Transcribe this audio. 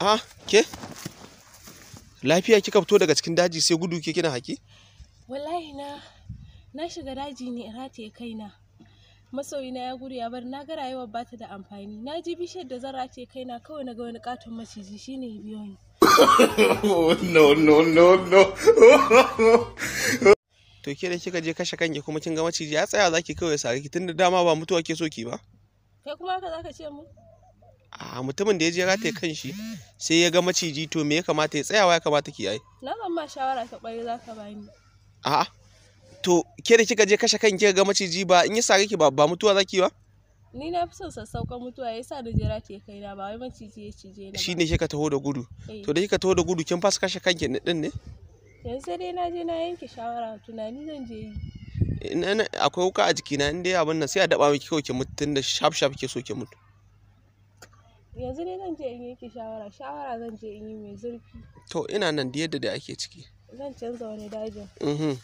a ke lafiya kika fito daga cikin daji sai gudu ke kina haki wallahi na na shiga daji ne in rataye kaina masoyina ya gudu ya bar na ga rayuwar ba ta da amfani na ji bishiyar da zan rataye kaina kawai na ga wani katon maciji shine ya biyo ni no no no no to ke da kika je kashe kanki kuma kin ga maciji ya tsaya zaki kawai sare ki tunda dama ba mutuwa ke so ki ba kai kuma haka zaka ce mu a mutumin da ya je rataye kan shi sai ya ga maciji to me ya kamata ya tsayawa ya kamata ki ai na zan ma shawara ta bari za ka bani a'a to ke da kika je kashe kan kika ga maciji ba in ya sare ki ba ba mutuwa za ki ba ni na fi son sassaukan mutuwa ya sa da jira ke kai na ba wai maciji ya cije ne shine kika taho da gudu eh. to da kika taho da gudu kin fasa kashe kanki din ne yanzu dai na je na yanke shawara tunani zan je yi eh, akwai wuka a jikina in dai abin nan sai a daba miki kawai ki mutu da shaf shaf ke so ki mutu yanzu ne zan je in yi ki shawara shawara zan je in yi mai zurfi to ina nan da yadda da ake ciki zan canza wani dajin mhm.